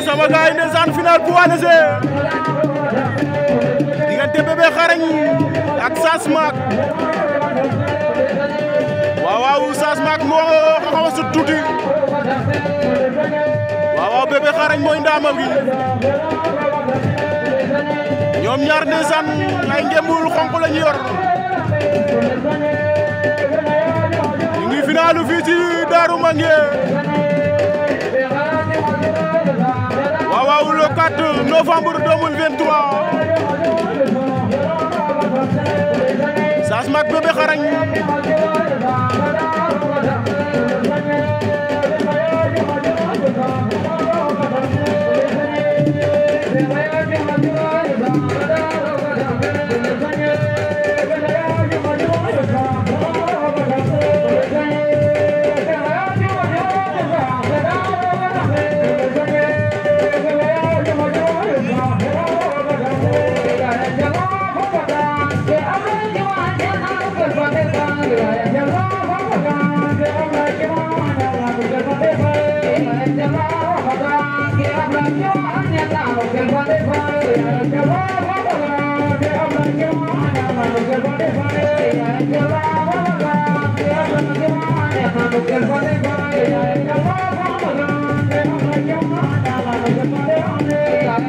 ca sama gaay ndeysaan final poids léger diggante Bébé Xarañ ak Sass Maak waaw waaw Sass Maak moo xaw a sut tuuti waaw waaw Bébé Xarañ mooy ndaama ñoom ñaar ndeysaan ay ngembul xonq la ñu yor ñu ngi finalu fii ci Daaru 24 novembre 2023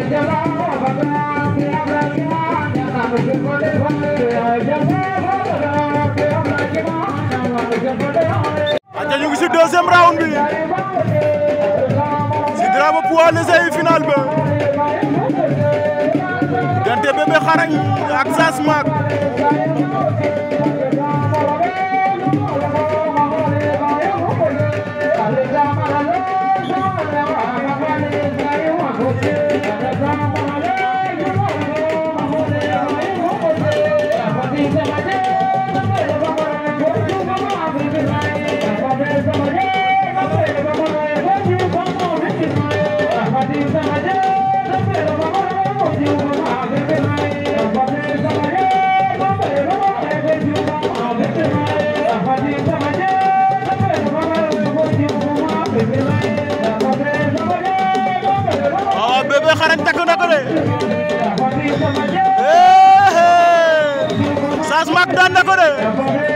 you. bi deuxième round bi si drapeau poids léger yi final ba diggante Bébé Xaragne ak Zass Maak waaw ah, Bébé Xaragne takk na ko de Zass Mack daan na ko